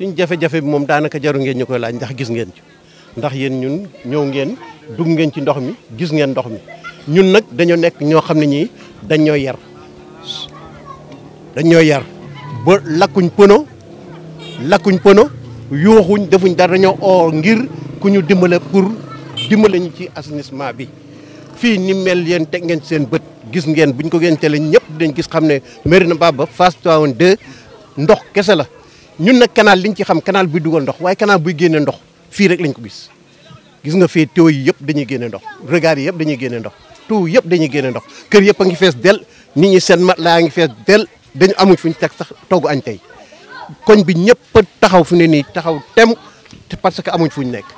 suñ jafé jafé bi mom daanaka jaru ngeen ñukoy laaj ndax gis ngeen ci ndax yeen ñun ñëw ngeen dug ngeen ci ndox mi gis ngeen ndox mi ñun nak dañu nekk ñoo xamni ñi ñii dañ ñoo yar dañ ñoo yar ba lakkuñ pëno lakkuñ pëno yuuxuñ defuñ dara dañoo oo ngir ku ñu dimbalé pour dimbalé ñu ci assainissement bi fi ni mel yeen tek ngeen seen bët gis ngeen buñ ko gën télé ñëpp dañ gis xamné mairie na baba Fass Tivaouane 2 ndox kese la ñun nag canal liñ ci xam canal buy dugal ndox waaye canal buy génne ndox fii rek lañ ko gis gis nga fee tuyaux yi yëpp dañuy génne ndox regard yi yëpp dañuy génne ndox tout yëpp dañuy génne ndox kër yëpp a ngi fees del nit ñi seen mat laa ngi fees del dañu amuñ fu ñu teg sax togg añ koñ bi ñëpp taxaw fu ne nii taxaw tem te parce que amuñ fu ñu nekk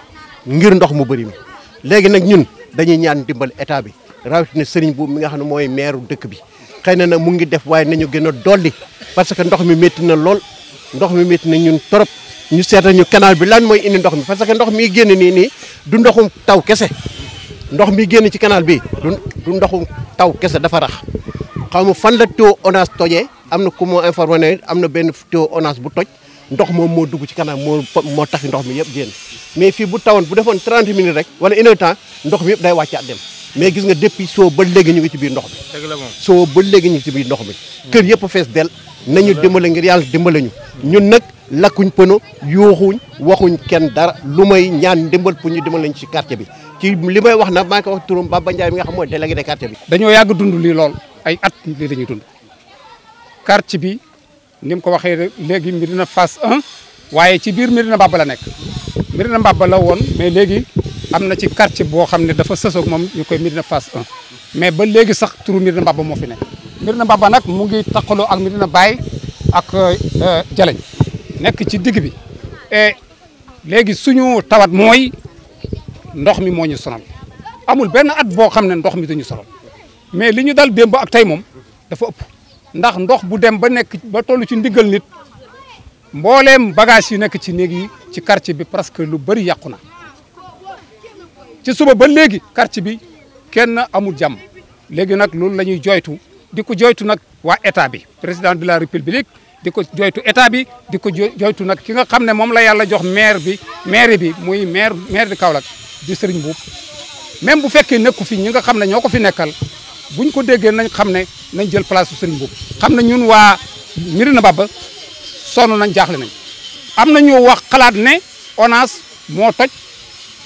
ngir ndox mu bëri mi léegi nag ñun dañuy ñaan dimbal état bi na sëriñ bu mi nga xam ne mooy meeru dëkk bi xëy na nag mu ngi def waaye nañu gën a dolli parce que ndox mi métti na lool ndox mi mit na ñun trop ñu seeta ñu canal bi lan mooy indi ndox mi parce que ndox mi génn nii nii du ndoxum taw kese ndox mi génn ci canal bi du ndoxum taw kese dafa rax xaw ma fan la tuyau ONAS toje am na ku moo informé ne am na benn tuyau ONAS bu toj ndox moom moo dugg ci canal moo moo tax ndox mi yëpp génn mais fii bu tawoon bu defoon 30 minutes rek wala une heure ndox mi yëpp day wàccaat dem mais gis nga depuis soo ba léegi ñu ngi ci biir ndox mi soo ba léegi ñu ngi ci biir ndox mi kër yëpp fees del nañu dimbale ngir yàlla dimbale ñu ñun nag lakkuñ pëno yuuxuñ waxuñ kenn dara lu may ñaan ndimbal pour ñu dimbal lañ ci quartier bi ci li may wax nag maa ngi koy wax turam Baba Ndiaye mi nga xam mooy délégué de quartier bi dañoo yàgg dund lii lool ay at lii dañuy dund quartier bi nim ko waxee léegi Médina na fas waaye ci biir Médina Mbaba la nekk Médina Mbaba la woon am na ci quartier boo xam ne dafa sësoog moom ñu koy Médina Fass 1 mais ba léegi sax turu Médina Mbaba moo fi nekk Médina Mbaba nag mu ngi taqaloo ak Médina Baye ak euh, Jaleñ nekk ci digg bi et léegi suñu tawat mooy ndox mi moo ñu sonal amul benn at boo xam ne ndox mi duñu sonal mais li ñu dal démb ak tey moom dafa ëpp ndax ndox bu dem ba nekk ba toll ci ndiggal nit mbooleem bagage yi nekk ci néeg yi ci quartier bi parce lu bëri yàqu na ci suba ba léegi quartier bi kenn amul jàmm léegi nag loolu la ñuy joytu di ko joytu nag waa état bi président de la république di ko joytu état bi di ko joytu nag ki nga xam ne moom la yàlla jox maire bi maire bi muy maire maire de Kaolack di Serigne Mboup même bu fekkee nekku fi ñi nga xam ne ñoo ko fi nekkal bu buñ ko déggee na xam ne nañ jël place su Serigne Mboup xam ne ñun waa Médina Baba sonn nañ jaaxle nañ am na ñu wax xalaat ne ONAS moo toj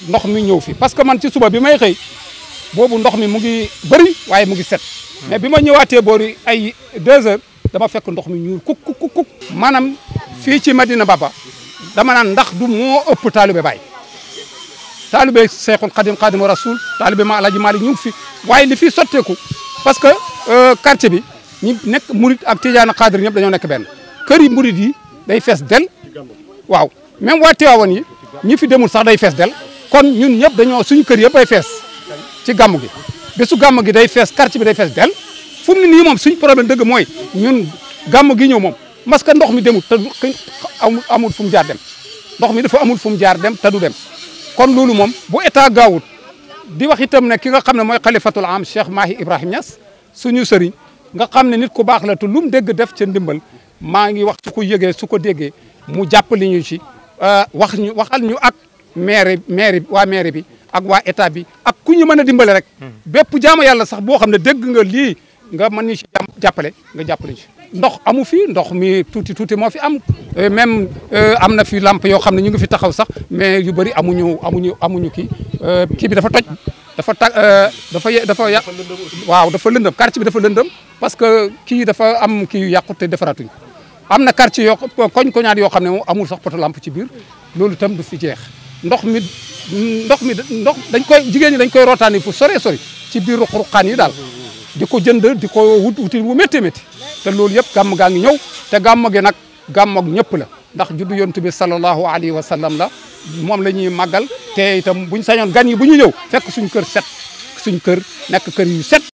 ndox mi ñëw fi parce que man ci suba bi may xëy boobu ndox mi mu ngi bëri waaye mu ngi set mais bi ma ñëwaatee ay deux heures dama fekk ndox mi ñuul kuk kuk kuk maanaam fii ci Medina Baba dama naan ndax du moo ëpp taalibe Baay taalibe Seexul Xadim Xadim Rasul taalibe ma Alaaji Maalik ñu fi waaye li fi sotteeku parce que quartier bi ñi nekk murit ak Tijaan Xaadir ñëpp dañoo nekk benn kër yi murit yi day fees del waaw même waa Tiwaawan yi ñi fi demul sax day fees del kon ñun ñëpp dañoo suñu kër yëpp ay fees ci gàmm gi bésu gàmm gi day fees quartier bi day fees del fu mu ne nii moom suñu problème dëgg mooy ñun gàmm gi ñëw moom parce que ndox mi demul te amul fu mu jaar dem ndox mi dafa amul fu mu jaar dem te du dem kon loolu moom bu état gaawut di wax itam ne ki nga xam ne mooy xalifatul am Cheikh Mahi Ibrahim Niass suñu sëriñ nga xam ne nit ko baax la te lu mu dégg def ca ndimbal maa ngi wax su ko yëgee su ko déggee mu jàppali ñu ci euh, wax ñu maire maire waa maire bi ak waa état bi ak ku ñu mën a dimbale rek. Hmm. bépp jaamu yàlla sax boo xam ne dégg nga lii nga mën ñu si jàppale nga jàppale ci. ndox amu fi ndox mi tuuti tuuti moo fi am euh, même euh, am na fi lamp yoo xam ne ñu ngi fi taxaw sax mais yu bëri amuñu amuñu amuñu kii euh, kii bi dafa toj. dafa ta dafa dafa yàq waaw dafa lëndëm quartier bi dafa lëndëm parce que kii dafa am kii yu yàqu te am na quartier yoo koñ koñaat yoo xam ne moom amul sax poto lamp ci biir loolu itam du fi jeex. ndox mi ndox mi ndox dañ koy jigéen ñi dañ koy rootaani fu sore sori ci biir ruq-ruqaan yi daal di ko jënd di ko wut wuti bu métti métti te loolu yëpp gàmm gaa ngi ñëw te gàmm gi nag gàmm ak ñëpp la ndax juddu yonent bi sallallahu alayhi wa sallam la moom la ñuy màggal te itam buñ sañoon gan yi bu ñu ñëw fekk suñ kër set suñ kër nekk kër yu set